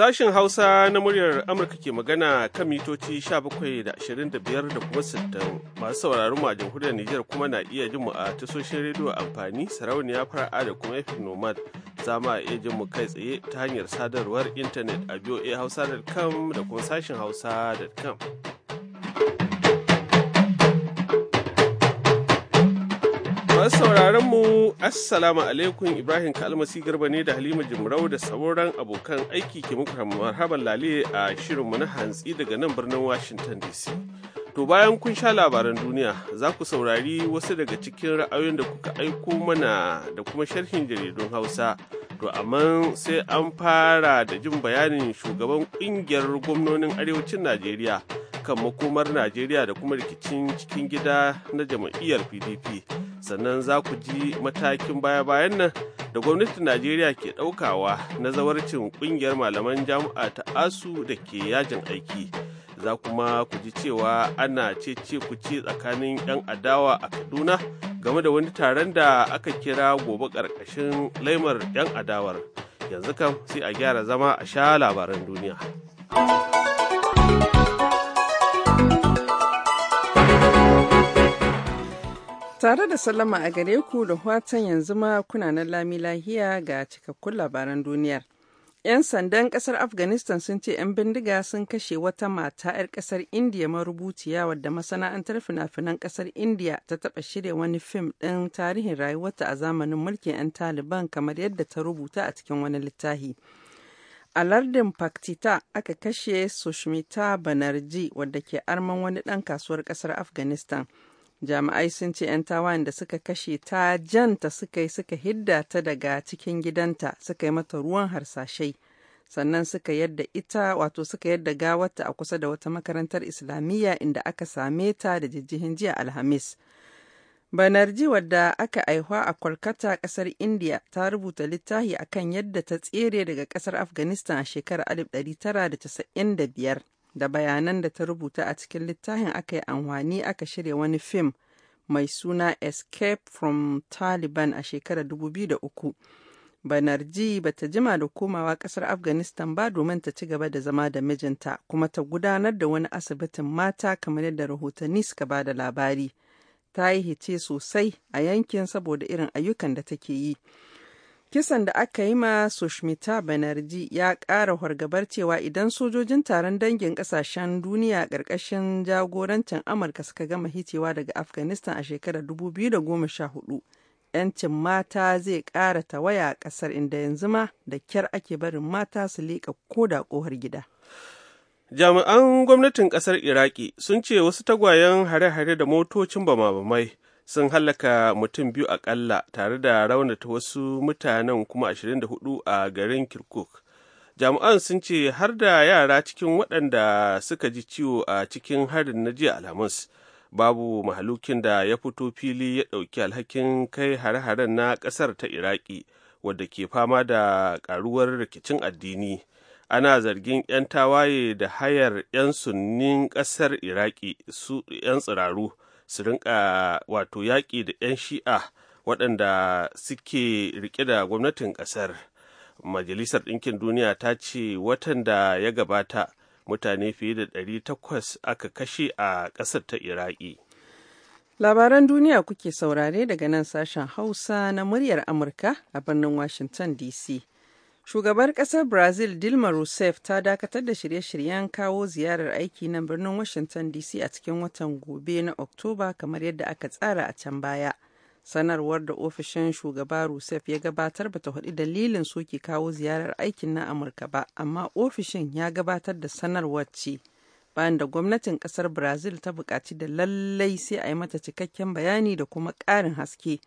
sashen Hausa na muryar Amurka ke magana kan mitoci 17 da 25 da kuma 60 masu sauraron mu a jamhuriyar Nijar kuma na iya jin mu a tasoshin rediyo amfani sarauniya fara'a da kuma FM Nomad za mu iya jin mu kai tsaye ta hanyar sadarwar intanet a voahausa.com da kuma sashen hausa.com. Masu sauraron mu Assalamu alaikum Ibrahim Kalmasi Garba ne da Halima Jimrau da sauran abokan aiki ke muku marhaban lale a shirinmu na hantsi daga nan birnin Washington DC. To bayan kun sha labaran duniya za ku saurari wasu daga cikin ra'ayoyin da kuka aiko mana da kuma sharhin jaridun Hausa. To amma sai an fara da jin bayanin shugaban kungiyar gwamnonin arewacin Najeriya. kan makomar najeriya da kuma rikicin cikin gida na jam'iyyar pdp sannan za ku ji matakin baya-bayan nan da gwamnatin najeriya ke ɗaukawa na zawarcin ƙungiyar malaman jami'a ta asu da ke yajin aiki za kuma ku ji cewa ana cece ku ce tsakanin 'yan adawa a kaduna game da wani taron da aka kira gobe ƙarƙashin laimar 'yan adawar yanzu kam sai a gyara zama a sha labaran duniya. Tare da sallama a gare ku da watan yanzu ma kuna na lami lahiya ga cikakkun labaran duniyar. 'Yan sandan kasar Afghanistan sun ce 'yan bindiga sun kashe wata mata 'yar kasar India marubuciya wadda masana'antar fina-finan kasar India ta taɓa shirya wani fim ɗin tarihin rayuwarta a zamanin mulkin 'yan Taliban kamar yadda ta rubuta a cikin wani littafi. a lardin paktita aka kashe sushmita banerjee wadda ke arman wani ɗan kasuwar ƙasar afghanistan jami'ai sun ce 'yan tawayen da suka kashe ta janta suka yi suka hidda ta daga cikin gidanta suka yi mata ruwan harsashai sannan suka yadda ita wato suka yadda gawarta a kusa da wata makarantar islamiyya inda aka same ta da jijjihin jiya alhamis banarji wadda aka aihwa a Kolkata kasar India ta rubuta littafi akan yadda ta tsere daga kasar Afghanistan a shekarar 1995 da bayanan da ta rubuta a cikin littafin aka yi amfani aka shirya wani fim mai suna escape from taliban a shekarar 2003 banarji ba ta jima da komawa kasar Afghanistan ba domin ta ci gaba da zama da mijinta kuma ta gudanar da wani asibitin mata kamar yadda rahotanni suka ba da labari. Ta yi hice sosai a yankin saboda irin ayyukan da take yi. Kisan da aka yi ma Sushmita Banerji ya ƙara hargabar cewa idan sojojin taron dangin ƙasashen duniya ƙarƙashin jagorancin Amurka suka gama hicewa daga Afghanistan a shekarar 2014, 'yancin mata zai ƙara tawaya a ƙasar inda yanzu ma da kyar ake barin mata su leƙa koda ƙohar gida. Jami'an gwamnatin ƙasar Iraki sun ce wasu tagwayen hare-hare da motocin bama sun hallaka mutum biyu akalla tare da raunata wasu mutanen kuma 24 a garin kirkuk jami'an sun ce har da yara cikin waɗanda suka ji ciwo a cikin harin na jiya alhamis babu mahalukin da ya fito fili ya ɗauki alhakin kai hare-haren na ƙasar ta iraki wadda ke fama da ƙaruwar rikicin addini ana zargin 'yan tawaye da hayar 'yan sunnin ƙasar iraki su 'yan tsiraru su rinka wato yaƙi da 'yan shi'a waɗanda suke rike da gwamnatin ƙasar majalisar ɗinkin duniya ta ce watan da ya gabata mutane fiye da 800 aka kashe a ƙasar ta iraki labaran duniya kuke saurare daga nan sashen hausa na muryar amurka a birnin washington dc Shugabar ƙasar Brazil Dilma Rousseff ta dakatar da shirye-shiryen kawo ziyarar aiki na birnin Washington DC a cikin watan gobe na Oktoba kamar yadda aka tsara a can baya. Sanarwar da ofishin shugaba Rousseff ya gabatar bata haɗi dalilin soke kawo ziyarar aikin na Amurka ba, amma ofishin ya gabatar da sanarwar ce. bayan da gwamnatin kasar brazil ta buƙaci da lallai sai a yi mata cikakken bayani da kuma ƙarin haske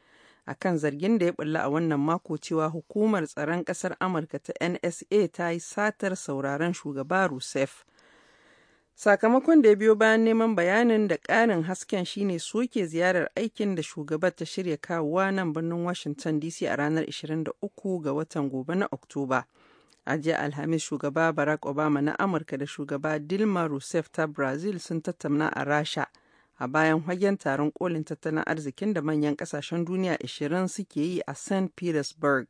akan zargin da ya bulla a wannan mako cewa hukumar tsaron ƙasar Amurka ta NSA ta yi satar sauraron shugaba Rousseff. Sakamakon da ya biyo bayan neman bayanin da ƙarin hasken shine soke ziyarar aikin da shugabar ta shirya kawowa nan birnin Washington DC a ranar 23 ga watan gobe na Oktoba. A jiya Alhamis shugaba Barack Obama na Amurka da shugaba Dilma Rousseff ta Brazil sun tattauna a Rasha. a bayan hagen taron kolin tattalin arzikin da manyan kasashen duniya 20 suke yi a St. Petersburg.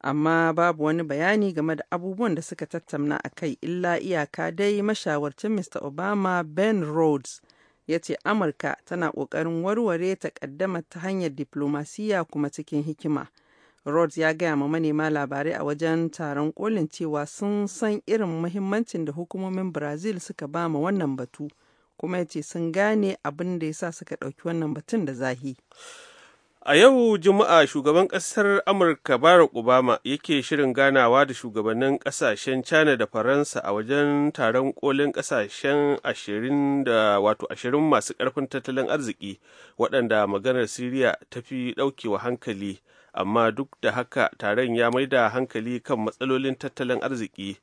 Amma babu wani bayani game da abubuwan da suka tattauna a kai illa iyaka dai mashawarcin Mr. Obama Ben Rhodes ya ce Amurka tana ƙoƙarin warware takaddama ta hanyar diplomasiya kuma cikin hikima. Rhodes ya gaya ma manema labarai a wajen taron kolin cewa sun san irin muhimmancin da hukumomin Brazil suka ba ma wannan batu. kuma ya ce sun gane abin da ya sa suka ɗauki wannan batun da zahi. A yau Juma'a shugaban ƙasar Amurka Barack Obama yake shirin ganawa da shugabannin ƙasashen China da Faransa a wajen taron kolin ƙasashen ashirin da wato ashirin masu ƙarfin tattalin arziki waɗanda maganar Siriya ta fi ɗaukewa hankali amma duk da haka taron ya maida hankali kan matsalolin tattalin arziki.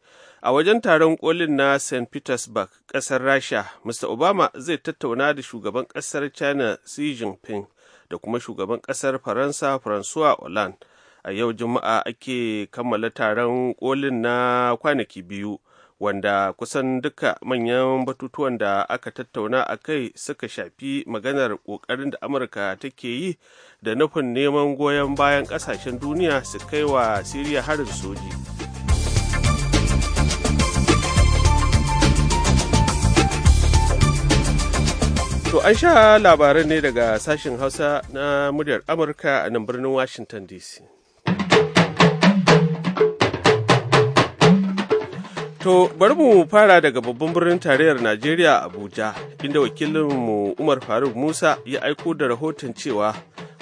A wajen taron kolin na St. Petersburg, ƙasar Rasha, Mr. Obama zai tattauna da shugaban ƙasar China Xi Jinping da kuma shugaban ƙasar Faransa François Hollande. A yau Juma'a ake kammala taron kolin na kwanaki biyu, wanda kusan duka manyan batutuwan da aka tattauna a kai suka shafi maganar ƙoƙarin da Amurka take yi da nufin neman goyon bayan ƙasashen duniya su kai wa Siriya harin soji. To an sha labaran ne daga sashen Hausa na muryar Amurka a nan birnin Washington DC. To bari mu fara daga babban birnin tarayyar Najeriya Abuja, inda wakilinmu Umar Faruk Musa ya aiko da rahoton cewa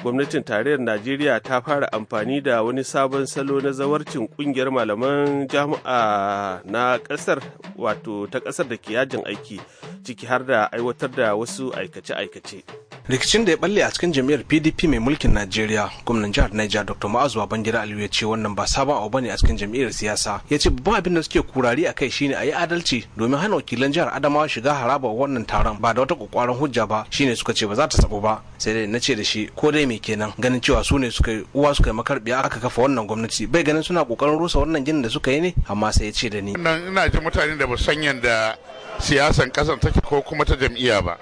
gwamnatin tarayyar najeriya ta fara amfani da wani sabon salo na zawarcin kungiyar malaman jami'a na kasar wato ta kasar da ke yajin aiki ciki har da aiwatar da wasu aikace-aikace rikicin da ya balle a cikin jami'ar pdp mai mulkin najeriya gwamnan jihar niger dr ma'azu babangida aliyu ya ce wannan ba sabon abu bane a cikin jami'ar siyasa ya ce babban abin da suke kurari a kai shine a yi adalci domin hana wakilan jihar adamawa shiga haraba wannan taron ba da wata kwakwaran hujja ba shine suka ce ba za ta sabu ba sai dai na ce da shi ko dai mai kenan ganin cewa su ne suka uwa suka makarbi aka kafa wannan gwamnati bai ganin suna kokarin rusa wannan ginin da suka yi ne amma sai ya ce da ni ina ji mutane da ba san yanda siyasan kasan take ko kuma ta jam'iyya ba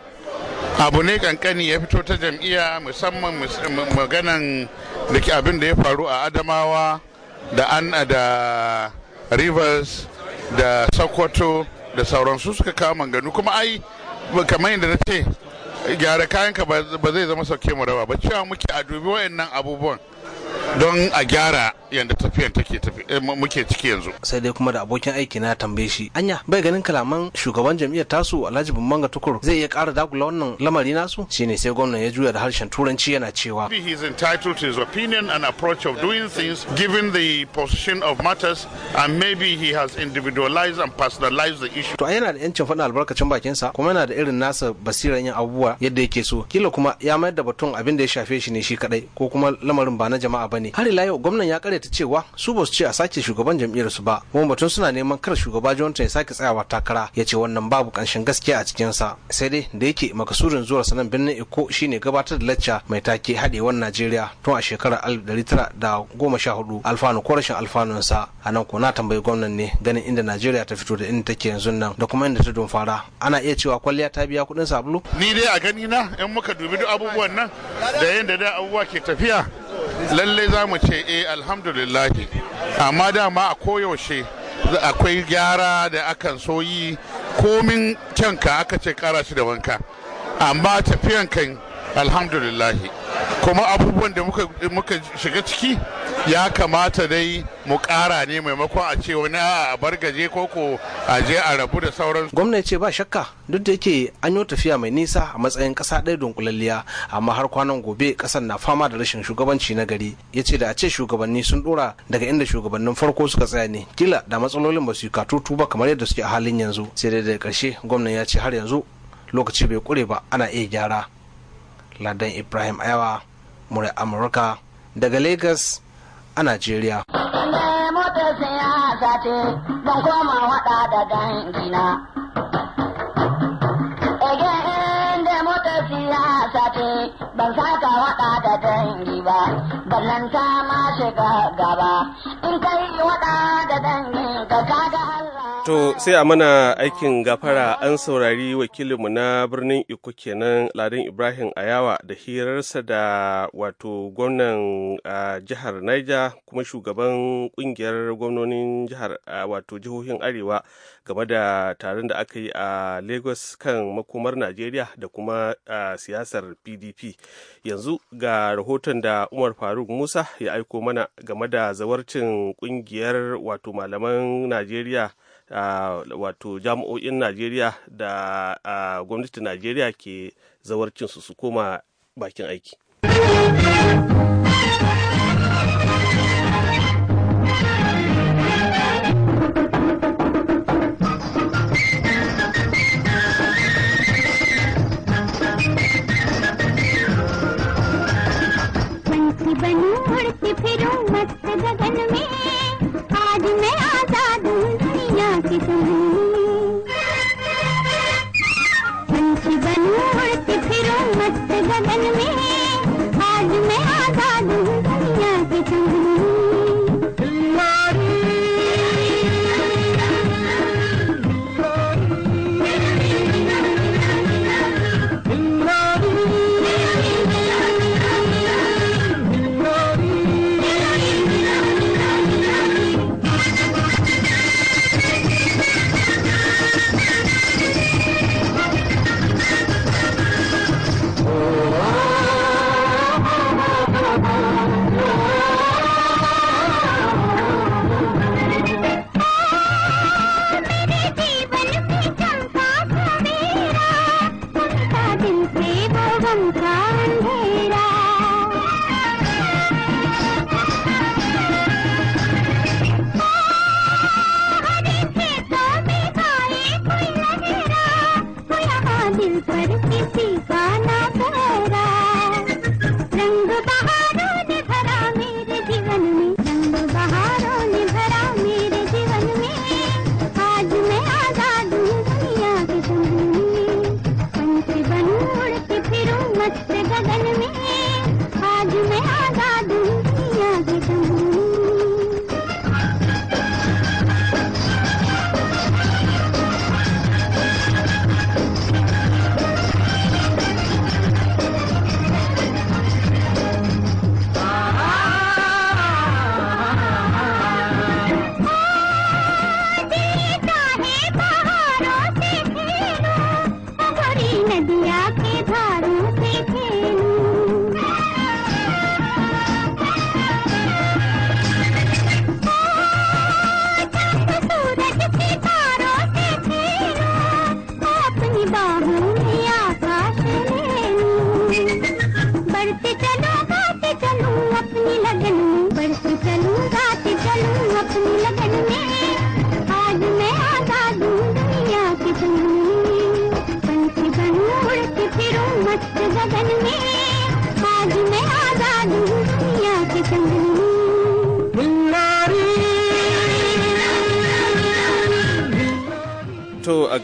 abu ne kankani ya fito ta jam'iyya musamman maganan da ke abin da ya faru a adamawa da an da rivers da sokoto da sauransu suka kawo manganu kuma ai kamar yadda na ce gyara kayanka ba zai zama sauke mu raba ba cewa muke a dubi waɗannan abubuwan don a gyara yadda tafiyan take eh, muke ciki yanzu sai dai kuma da abokin aiki na tambaye shi anya bai ganin kalaman shugaban jam'iyyar tasu alhaji bumanga tukur zai iya ƙara dagula wannan lamari nasu ne sai gwamnan ya juya da harshen turanci yana cewa he is entitled to his opinion and approach of doing things given the position of matters and maybe he has individualized and personalized the issue to yana da yancin faɗin albarkacin bakinsa kuma yana da irin nasa basiran yin abubuwa yadda yake so kila kuma ya mayar da batun abin da ya shafe shi ne shi kadai ko kuma lamarin ba na jama'a ba ne har ila yau gwamnan ya karyata cewa su ba su ce a sake shugaban jam'iyyar su ba kuma batun suna neman kar shugaba johnson ya sake tsayawa takara ya ce wannan babu kanshin gaskiya a cikin sa sai dai da yake makasurin zuwa sanan birnin eko shine gabatar da lacca mai take haɗewar najeriya tun a shekarar da goma sha hudu alfanu ko rashin alfanunsa a nan ko na tambayi gwamnan ne ganin inda najeriya ta fito da inda take yanzu nan da kuma inda ta don fara ana iya cewa kwalliya ta biya kuɗin sabulu ni dai a gani na in muka dubi duk abubuwan nan da yadda da abubuwa ke tafiya lallai za mu ce eh alhamdulillah amma dama a koyaushe akwai gyara da akan soyi komin kyanka aka ce kara shi da wanka amma tafiyan kan alhamdulillahi kuma abubuwan da muka, shiga ciki ya kamata dai mu kara ne maimakon a ce wani a bar ko ko a je a rabu da sauran gwamnati ce ba shakka duk da yake an yi tafiya mai nisa a matsayin ƙasa ɗaya dunkulalliya amma har kwanan gobe ƙasar na fama da rashin shugabanci na gari ya ce da a ce shugabanni sun dora daga inda shugabannin farko suka tsaya ne kila da matsalolin ba su yi katutu ba kamar yadda suke a halin yanzu sai dai da ƙarshe gwamnan ya ce har yanzu lokaci bai kure ba ana iya gyara ladan ibrahim ayawa murai amurka daga lagos a nigeria don koma wada da ban saka wada da dangi ba ballanta ma shiga gaba in kai wada da dangi To sai a mana aikin gafara an saurari wakilinmu na birnin Iko kenan Ladin Ibrahim Ayawa da hirarsa da wato gwamnan jihar Niger kuma shugaban kungiyar gwamnonin jihar wato jihohin Arewa game da taron da aka yi a Lagos kan makomar Najeriya da kuma siyasar PDP. Yanzu ga rahoton da Umar Faruk Musa ya aiko mana game da zawarcin kungiyar wato malaman Najeriya. wato jami'o'in najeriya da gwamnatin najeriya ke zawarcinsu su koma bakin aiki फिरूं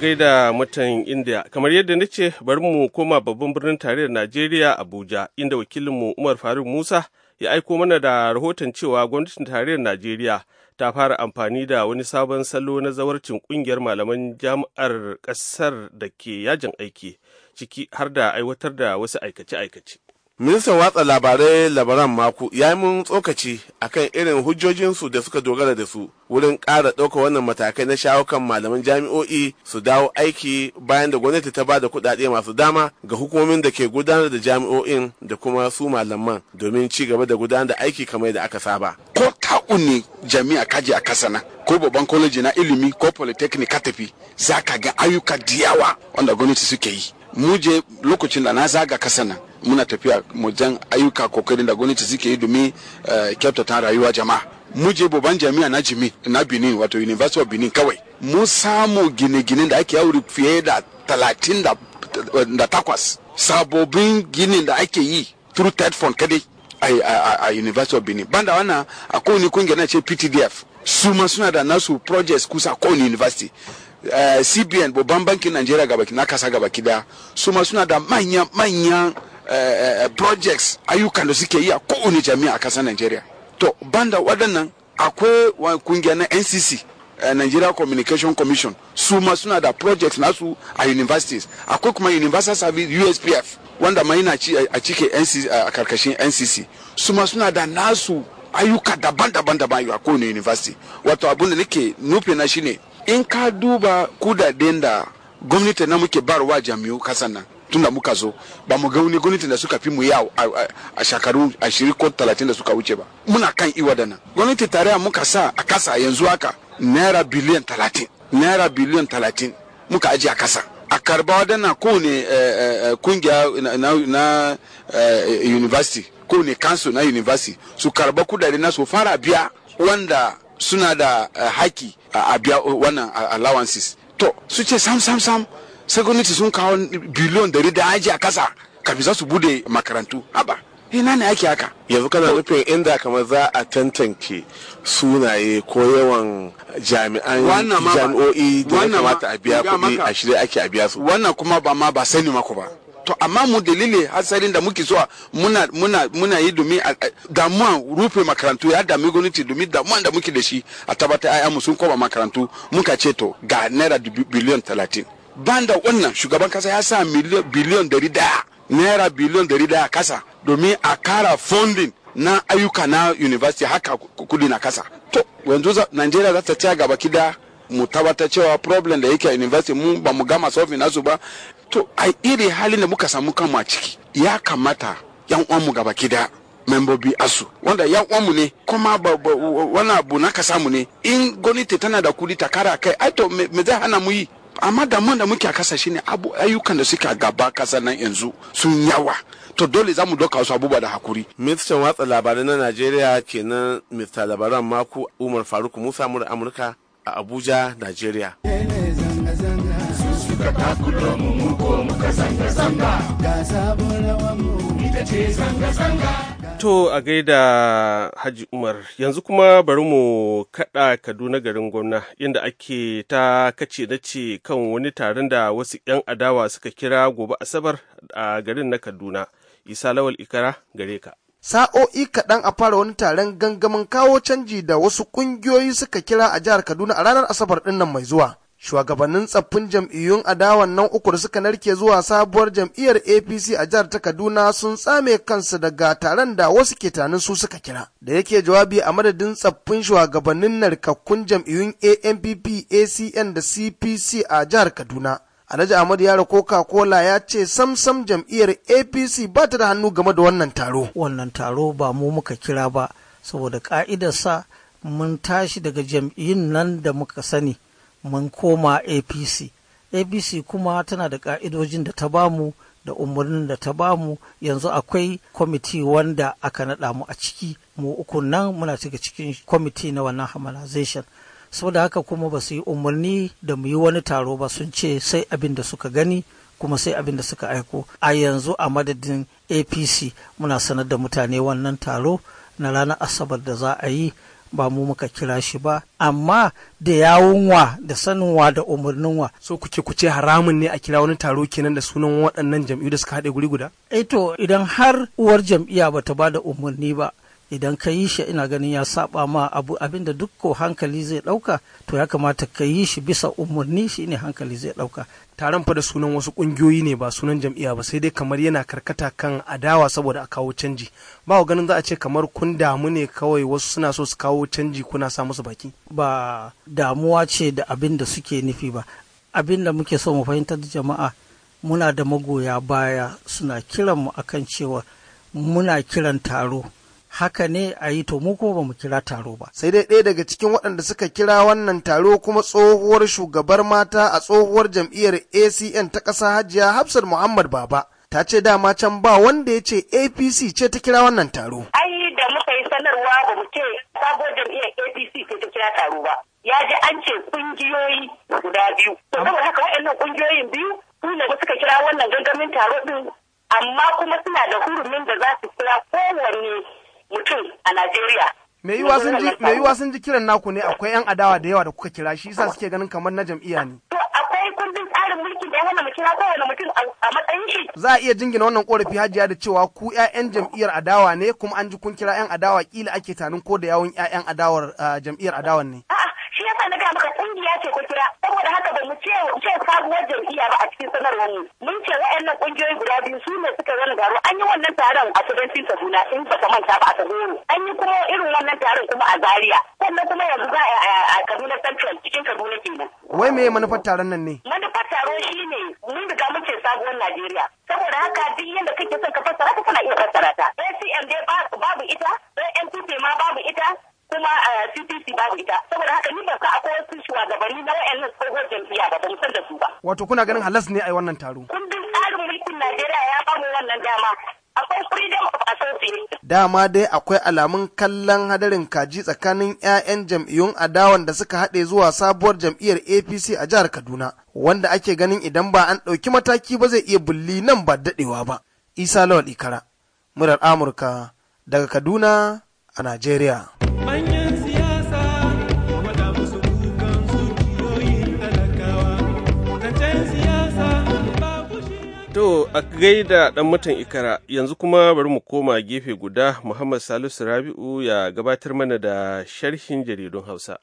gaida mutan India. Kamar yadda na ce, bari mu koma babban birnin tarayyar Najeriya Abuja, inda wakilin mu Umar Faruk Musa ya aiko mana da rahoton cewa gwamnatin tarayyar Najeriya ta fara amfani da wani sabon salo na zawarcin kungiyar malaman jami'ar kasar da ke yajin aiki, ciki har da aiwatar da wasu aikace-aikace. ministan watsa labarai labaran mako ya yi mun tsokaci akan irin hujjojinsu da suka dogara da su wurin ƙara ɗaukar wannan matakai na shawo kan malaman jami'o'i su dawo aiki bayan da gwamnati ta ba da kuɗaɗe masu dama ga hukumomin da ke gudanar da jami'o'in da kuma su malaman domin ci gaba da gudanar da aiki kamar da aka saba. ko ta ne jami'a kaji a kasa na ko babban koleji na ilimi ko polytechnic ka tafi za ka ga ayyuka diyawa yawa wanda gwamnati suke yi mu je lokacin da na zaga kasa nan muna tafiya mu jan ayyuka kokarin da gwamnati suke yi domin eh, kyautata rayuwa jama'a mu je babban jami'a na jimi na benin wato university of benin kawai mu samu gine-gine da ake yawo fiye da talatin da takwas sabobin ginin da ake yi through third fund kadai a university of benin banda wannan a kowane kungiya na ce ptdf su ma suna da nasu projects kusa kowane university eh, cbn babban bankin nigeria gabaki na kasa gabaki daya su ma suna da manyan manyan Eh, eh, eh, projects ayyukan da suke yi a kowane jami'a a ƙasar Najeriya. To banda waɗannan akwai kungiya na NCC Nigeria Communication Commission su ma suna da projects nasu a universities akwai kuma Universal Service USPF wanda ma yana a cike a karkashin NCC su ma suna da nasu ayyuka daban-daban daban a kowane university wato abin da nake nufi na shine in ka duba kudaden da gwamnati na muke barwa jami'u kasan nan tunda muka zo ba mu ga wani gwamnatin da suka fi mu yi a shekaru ashirin ko talatin da suka wuce ba muna kan iwa da nan gwamnatin tarayya muka sa a kasa yanzu haka naira biliyan talatin naira biliyan talatin muka ajiye a kasa a karba wadannan kowane eh, eh, eh, kungiya na university kowane kansu na university su karba kudade na su fara biya wanda suna da haki a biya wannan allowances to su ce sam sam sam sai gwamnati sun kawo biliyon dari da aji a kasa kafin za su bude makarantu haba ina ne ake haka yanzu kana nufin inda kamar za a tantanke sunaye ko yawan jami'an jami'o'i da ya kamata a biya kuɗi a shirya ake a biya su wannan kuma ba ma ba sani mako ba to amma mu dalili hasarin da muke zuwa muna muna muna yi domin damuwa rufe makarantu ya dami gwamnati domin damuwa da muke da shi a tabbatar ayyamu sun koma makarantu muka ce to ga naira biliyan talatin banda wannan shugaban kasa ya sa biliyon dari daya naira biliyon dari daya kasa domin a kara funding na ayyuka na university haka kudi na kasa to yanzu najeriya za ta ci gaba kida mu tabbatar cewa problem da yake a university mu ba mu gama solving nasu ba to a iri halin da muka samu kanmu ciki ya kamata yan mu gaba kida membobi asu wanda uwan mu ne kuma wani abu na kasa mu ne in gwamnati tana da kudi ta kara kai ai to me zai hana mu yi amma damuwan da muke a kasa shine abu ayyukan da suke gaba kasa nan yanzu sun yawa to dole za mu doka wasu abubuwa da hakuri. Ministan watsa labarai na Najeriya kenan Mr. Labaran Maku Umar Faruk Musa mura Amurka a Abuja, Najeriya. To a gaida Haji Umar, yanzu kuma bari mu kaɗa Kaduna garin gwamna inda ake ta kace na ce kan wani taron da wasu 'yan adawa suka kira gobe Asabar a garin na Kaduna. Isa Lawal Ikara gare ka. sa'o'i kaɗan a fara wani taron gangamin kawo canji da wasu ƙungiyoyi suka kira a jihar Kaduna a ranar Asabar ɗin mai zuwa. shugabannin tsaffin jam'iyyun adawan nan uku da suka narke zuwa sabuwar jam'iyyar apc a jihar ta kaduna sun tsame kansu daga taron da wasu ke tunanin su suka kira da yake jawabi a madadin tsaffin shugabannin narkakkun jam'iyyun ampp acn da cpc a jihar kaduna Alhaji Ahmad Yaro Coca Cola ya ce samsam jam'iyyar APC ba ta da hannu game da wannan taro. Wannan taro ba mu muka kira ba saboda ka'idarsa mun tashi daga jam'iyyun nan da muka sani mun koma apc apc kuma tana da ka'idojin da ta bamu da umarnin da ta bamu yanzu akwai kwamiti wanda aka naɗa mu a ciki mu uku nan muna cika cikin kwamiti na wannan harmonization saboda haka kuma ba su yi umarni da mu yi wani taro ba sun ce sai abin da suka gani kuma sai abin da suka aiko a yanzu a madadin apc muna sanar da mutane wannan taro na ranar asabar da za a yi ba mu muka kira shi ba amma da yawun wa da sanin wa da umarnin wa so kuke kuce haramun ne a kira wani taro kenan da sunan waɗannan jam'iyyu da suka haɗe guri guda eto eh to idan har uwar jam'iyya bata ba da umarni ba idan ka yi shi ina ganin ya saba ma abu abinda dukko hankali zai ɗauka to ya kamata ka yi shi bisa umarni shi ne hankali zai ɗauka. taron fa da sunan wasu kungiyoyi ne ba sunan jam'iyya ba sai dai kamar yana karkata kan adawa saboda a kawo canji ba ganin za a ce kamar kun damu ne kawai wasu suna so su kawo canji kuna sa musu baki ba damuwa ce da abin da suke nufi ba abin da muke so mu fahimtar da jama'a muna da magoya baya suna kiran mu akan cewa muna kiran taro haka ne a yi to mu ko ba mu kira taro ba. Sai dai ɗaya daga cikin waɗanda suka kira wannan taro kuma tsohuwar shugabar mata a tsohuwar jam'iyyar ACN ta ƙasa Hajiya Hafsat Muhammad Baba. Ta ce dama can ba wanda ya ce APC ce ta kira wannan taro. Ai da muka yi sanarwa ba mu ce sabuwar jam'iyyar APC ce ta kira taro ba. Ya ji an ce ƙungiyoyi guda biyu. Saboda haka waɗannan ƙungiyoyin biyu su ne suka kira wannan gangamin taro ɗin amma kuma suna da hurumin da za su kira kowanne mutum a Najeriya. Me yiwa sun ji kiran naku ne akwai 'yan adawa da yawa da kuka kira shi yasa suke ganin kamar na jam'iyya ne. To akwai kundin tsarin mulki da mutum mutum a matsayin shi. Za a iya jingina wannan korafi hajiya da cewa ku 'ya'yan jam'iyyar adawa ne kuma an ji kun kira 'yan adawa kila ake tanin ko da yawon 'ya'yan adawar ah, jam'iyyar adawan ne. A'a mu ce sabuwar jam'iyya ba a cikin sanarwar mu mun ce wa'annan ƙungiyoyi guda biyu su ne suka zana garo an yi wannan taron a kudancin Kaduna in ba ka manta ba a Kaduna an yi kuma irin wannan taron kuma a Zaria sannan kuma yanzu za a Kaduna Central cikin Kaduna kenan wai me manufar taron nan ne manufar taron ne. mun riga mun ce sabuwar Najeriya saboda haka duk yadda kake son ka fassara ta kana iya fassara ta ACM dai babu ita ANPP ma babu ita kuma CPC eh, su ita saboda haka ni ban sa akwai wasu shugabanni na wayannan tsohon jam'iyya ba ban san da su ba wato kuna ganin halas ne a wannan taro kundin tsarin mulkin Najeriya ya ba mu wannan dama akwai freedom of association dama dai akwai alamun kallon hadarin kaji tsakanin 'ya'yan jam'iyyun adawan da suka haɗe zuwa sabuwar jam'iyyar APC a jihar Kaduna wanda ake ganin idan ba an ɗauki mataki ba zai iya bulli nan ba daɗewa ba Isa Lawal Ikara murar Amurka daga Kaduna a Najeriya To a gaida ɗan mutan ikara yanzu kuma bari mu koma gefe guda Muhammad Salisu Rabi'u ya gabatar mana da sharhin jaridun Hausa.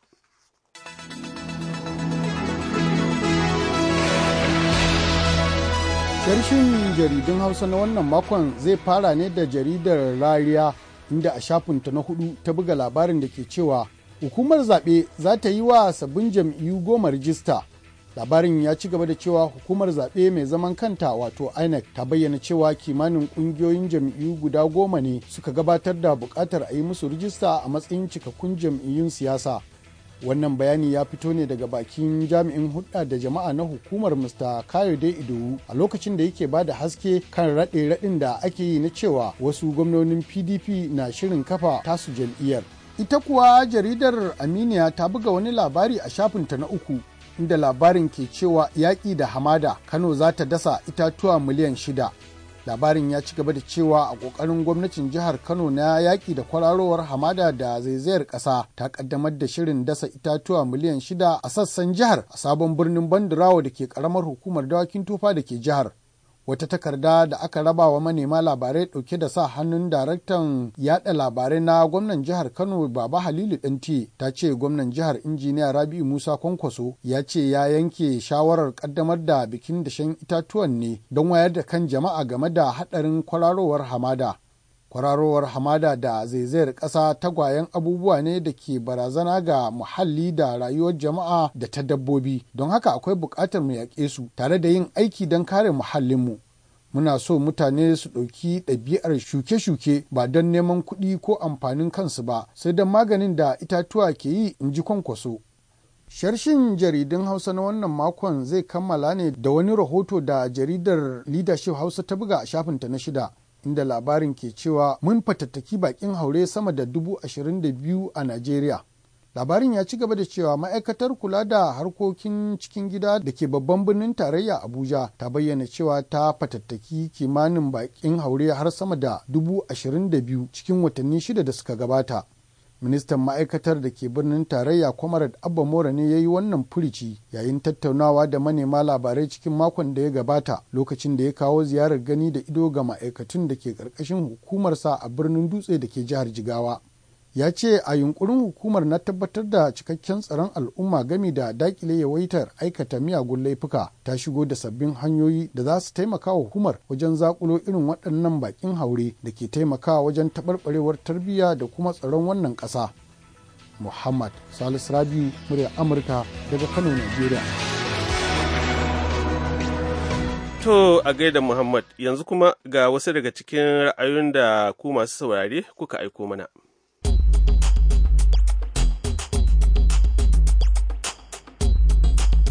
Sharshin jaridun Hausa na wannan makon zai fara ne da jaridar Rariya inda a shafinta na hudu ta buga labarin da ke cewa hukumar zaɓe za ta yi wa sabbin jam'iyyu goma rijista labarin ya ci gaba da cewa hukumar zaɓe mai zaman kanta wato inec ta bayyana cewa kimanin ƙungiyoyin jam'iyyu guda goma ne suka gabatar da buƙatar a yi musu rijista a matsayin cikakkun jam'iyyun siyasa wannan bayani ya fito ne daga bakin jami'in hudda da jama'a na hukumar mr kayode idowu a lokacin da yake ba da haske kan raɗe raɗin da ake yi na cewa wasu gwamnonin pdp na shirin kafa tasu jam'iyyar ita kuwa jaridar aminiya ta buga wani labari a shafinta na uku inda labarin ke cewa yaƙi da hamada kano za ta dasa itatuwa miliyan shida labarin ya ci gaba da cewa a ƙoƙarin gwamnatin jihar kano na yaƙi da kwararowar hamada da zaizayar ƙasa ta ƙaddamar da shirin dasa itatuwa miliyan shida a sassan jihar a sabon birnin bandirawa da ke ƙaramar hukumar dawakin tofa da ke jihar wata takarda da aka raba wa manema labarai dauke da sa hannun daraktan yada labarai na gwamnan jihar kano baba halilu danti ta ce gwamnan jihar injiniya rabi'u musa kwankwaso ya ce ya yanke shawarar kaddamar da bikin dashen itatuwan ne don wayar da kan jama'a game da hadarin kwararowar hamada kwararowar hamada da zaizayar ƙasa tagwayen abubuwa ne da ke barazana ga muhalli da rayuwar jama'a da ta dabbobi don haka akwai buƙatar mu yaƙe su tare da yin aiki don kare muhallinmu muna so mutane su ɗauki ɗabi'ar shuke-shuke ba don neman kuɗi ko amfanin kansu ba sai don maganin da itatuwa ke yi in ji kwankwaso Sharshin jaridun Hausa na wannan makon zai kammala ne da wani rahoto da jaridar Leadership Hausa ta buga a shafinta na shida inda labarin ke cewa mun fatattaki bakin haure sama da dubu ashirin da biyu a Najeriya. Labarin ya ci gaba da cewa ma'aikatar kula da harkokin cikin gida da ke babban birnin tarayya Abuja ta bayyana cewa ta fatattaki kimanin bakin haure har sama da dubu ashirin da biyu cikin watanni shida da suka gabata. ministan ma'aikatar da ke birnin tarayya comrade abba mora ne ya yi wannan furici yayin tattaunawa da manema labarai cikin makon da ya gabata lokacin da ya kawo ziyarar gani da ido ga ma'aikatun da ke ƙarƙashin hukumarsa a birnin dutse da ke jihar jigawa ya ce a yunkurin hukumar na tabbatar da cikakken tsaron al'umma gami da dakile yawaitar aikata miyagun laifuka ta shigo da sabbin hanyoyi da za su taimaka wa hukumar wajen zakulo irin waɗannan bakin haure da ke taimakawa wajen taɓarɓarewar tarbiyya da kuma tsaron wannan ƙasa. Muhammad Salisu Rabiu, murya Amurka daga Kano, nigeria. To a gaida Muhammad yanzu kuma ga wasu daga cikin ra'ayoyin da ku masu saurare kuka aiko mana.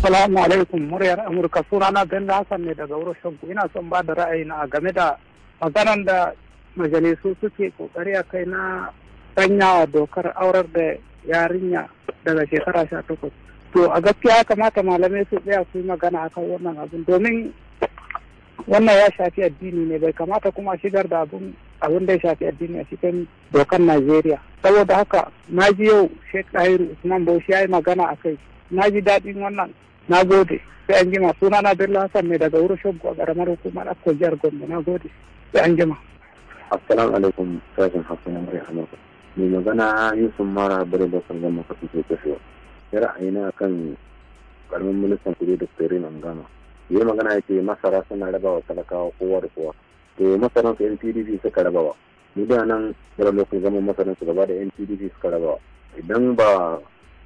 Salamu alaikum muryar Amurka sunana Bello Hassan ne daga wurin Shanku ina son ba da ra'ayi a game da maganar da majalisu suke kokari a kai na sanya wa dokar aurar da yarinya daga shekara sha takwas. To a gaskiya ya kamata malamai su tsaya su yi magana akan wannan abin domin wannan ya shafi addini ne bai kamata kuma shigar da abin abin da ya shafi addini a cikin dokar Najeriya. Saboda haka na ji yau Sheikh Tahiru Usman Bauchi ya yi magana a kai. Na ji daɗin wannan na gode sai an jima suna na bello hassan ne daga wurin shoggo a ƙaramar hukumar akko jihar gombe na gode sai an jima assalamu alaikum sashen hausa na murya amurka mai magana yusuf mara bari da kan zama kasu ke kashewa ya ra'ayina kan karamin ministan kudi da tsere nan gama yi magana yake masara suna raba wa talakawa kowa da kowa to masaran su npdp suka raba wa ni da nan da lokacin zaman masarar su gaba da npdp suka raba wa idan ba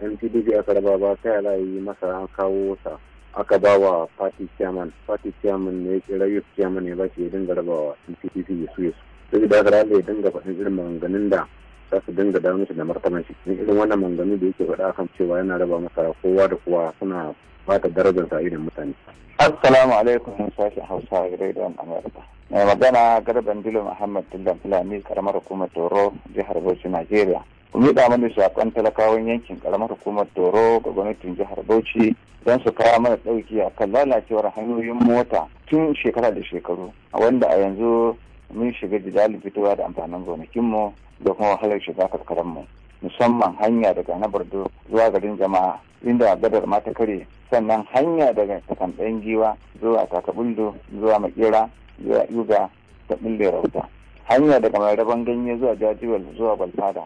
yan pdp aka raba ba ta yi yi masa an kawo sa aka ba wa party chairman party chairman ne kira youth chairman ne ba shi ya dinga rabawa wa pdp ya su ya su sai da haka ya dinga faɗin irin maganganun da za su dinga da da martaban shi ni irin wannan manganu da yake faɗa kan cewa yana raba masa kowa da kowa suna bata darajar sa irin mutane. Assalamu alaikum sashen Hausa Radio America. Mai magana Garban Dilo Muhammad Dillan Fulani karamar hukumar Toro jihar Bauchi Najeriya. miƙa mana saƙon talakawan yankin ƙaramar hukumar Doro ga gwamnatin jihar Bauchi don su kawo mana ɗauki a kan lalacewar hanyoyin mota tun shekara da shekaru A wanda a yanzu mun shiga jidalin fitowa da amfanin gonakinmu da kuma wahalar shiga karkaranmu musamman hanya daga na bardo zuwa garin jama'a inda gadar mata kare sannan hanya daga takamɗayan giwa zuwa takabundo zuwa makera zuwa yuga da bulle rauta hanya daga mai ganye zuwa jajiwal zuwa balfada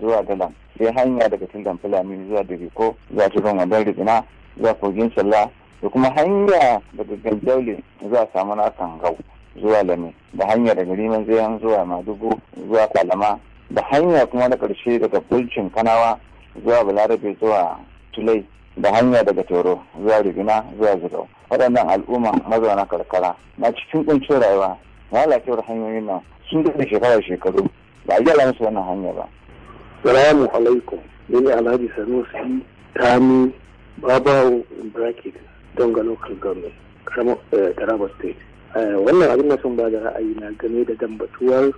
zuwa dala sai hanya daga tungan fulani zuwa da riko zuwa cikin wandon rigina zuwa kogin sallah da kuma hanya daga gandaule zuwa samu nakan gau zuwa lame da hanya daga riman zayan zuwa madugu zuwa kalama da hanya kuma na ƙarshe daga bulcin kanawa zuwa balarabe zuwa tulai da hanya daga toro zuwa rigina zuwa zurau waɗannan al'umma mazauna karkara na cikin ƙuncin rayuwa lafiyar hanyoyin nan sun daɗe shekarar shekaru ba a gyara musu wannan hanya ba Salamu alaikum, ne ne Alhaji Sanusi Tami Babawo in bracket Donga local government, eh, Taraba state. Eh, wannan abin na son ba da ra'ayi na game da dambatuwar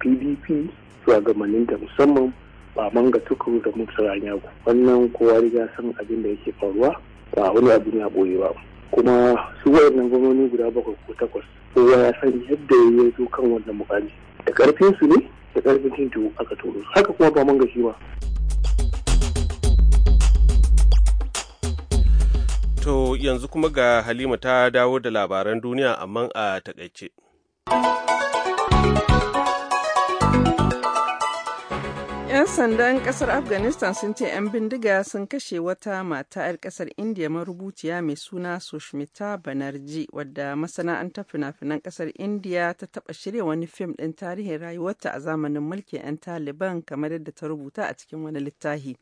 PDP shugabannin da musamman ba manga tukuru da mutsara yago. Wannan kowa riga san abin da yake faruwa ba wani abu ne boye ba. Kuma su wayannan gwamnoni guda bakwai ko takwas kowa ya san yadda ya zo kan wannan mukami. Da karfin su ne da ƙarfin cin tuwo aka turo haka kuma ba mun gashi ba. To yanzu kuma ga Halima ta dawo da labaran duniya amma a takaice. 'Yan sandan kasar Afghanistan sun ce 'yan bindiga sun kashe wata mata 'yar kasar Indiya marubuciya mai suna Sushmita banerji wadda masana'antar fina-finan kasar Indiya ta taba shirya wani fim din tarihin rayuwarta a zamanin mulkin 'yan Taliban kamar yadda ta rubuta a cikin wani littafi.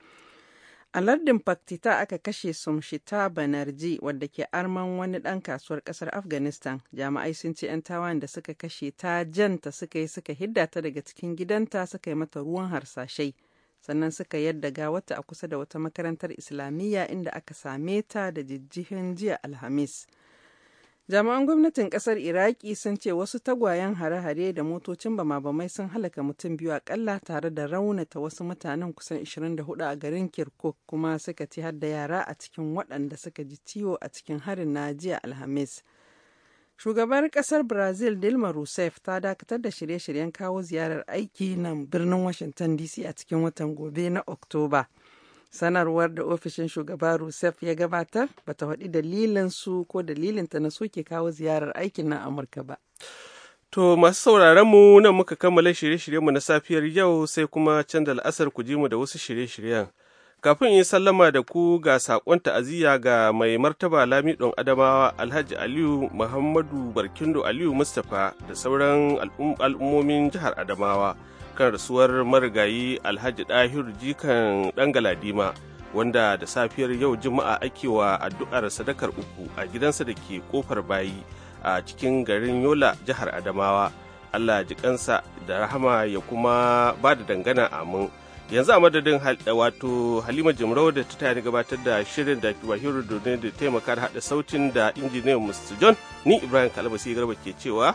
A lardin Paktita aka kashe Sumshita banarji wadda ke arman wani ɗan kasuwar ƙasar Afghanistan. Jami'ai sun ce 'yan tawan da suka kashe ta janta suka yi suka hidda ta daga cikin gidanta suka yi mata ruwan harsashai. Sannan suka yadda ga wata a kusa da wata makarantar Islamiyya inda aka same ta da jijjihin jiya Alhamis. Jami'an gwamnatin kasar Iraki sun ce wasu tagwayen hare-hare da motocin bama-bamai sun halaka mutum biyu akalla tare da raunata wasu mutanen kusan 24 a garin Kirkuk kuma suka ci har da yara a cikin waɗanda suka ji ciwo a cikin harin na jiya Alhamis. Shugabar kasar Brazil Dilma Rousseff ta dakatar da shirye-shiryen kawo ziyarar aiki nan birnin Washington DC a cikin watan gobe na Oktoba. sanarwar da ofishin shugaba rusef ya gabatar bata faɗi dalilin su ko dalilinta na soke kawo ziyarar aikin na amurka ba To masu sauraron mu nan muka kammala shirye-shiryenmu na safiyar yau sai kuma can da la'asar ku ji mu da wasu shirye-shiryen. Kafin in sallama da ku ga saƙon ta'aziyya ga mai martaba Lamidon Adamawa Alhaji Aliyu Muhammadu Barkindo Aliyu Mustapha da sauran al'ummomin jihar Adamawa. kan rasuwar marigayi alhaji ɗahir jikan ɗan galadima wanda da safiyar yau juma'a ake wa addu'ar sadakar uku a gidansa da ke kofar bayi a cikin garin yola jihar adamawa allah jikansa da rahama ya kuma ba da dangana amin yanzu a madadin wato halima jimrau da ta tare gabatar da shirin da wahiru domin da taimaka da haɗa sautin da injiniyan mr john ni ibrahim kalabasi garba ke cewa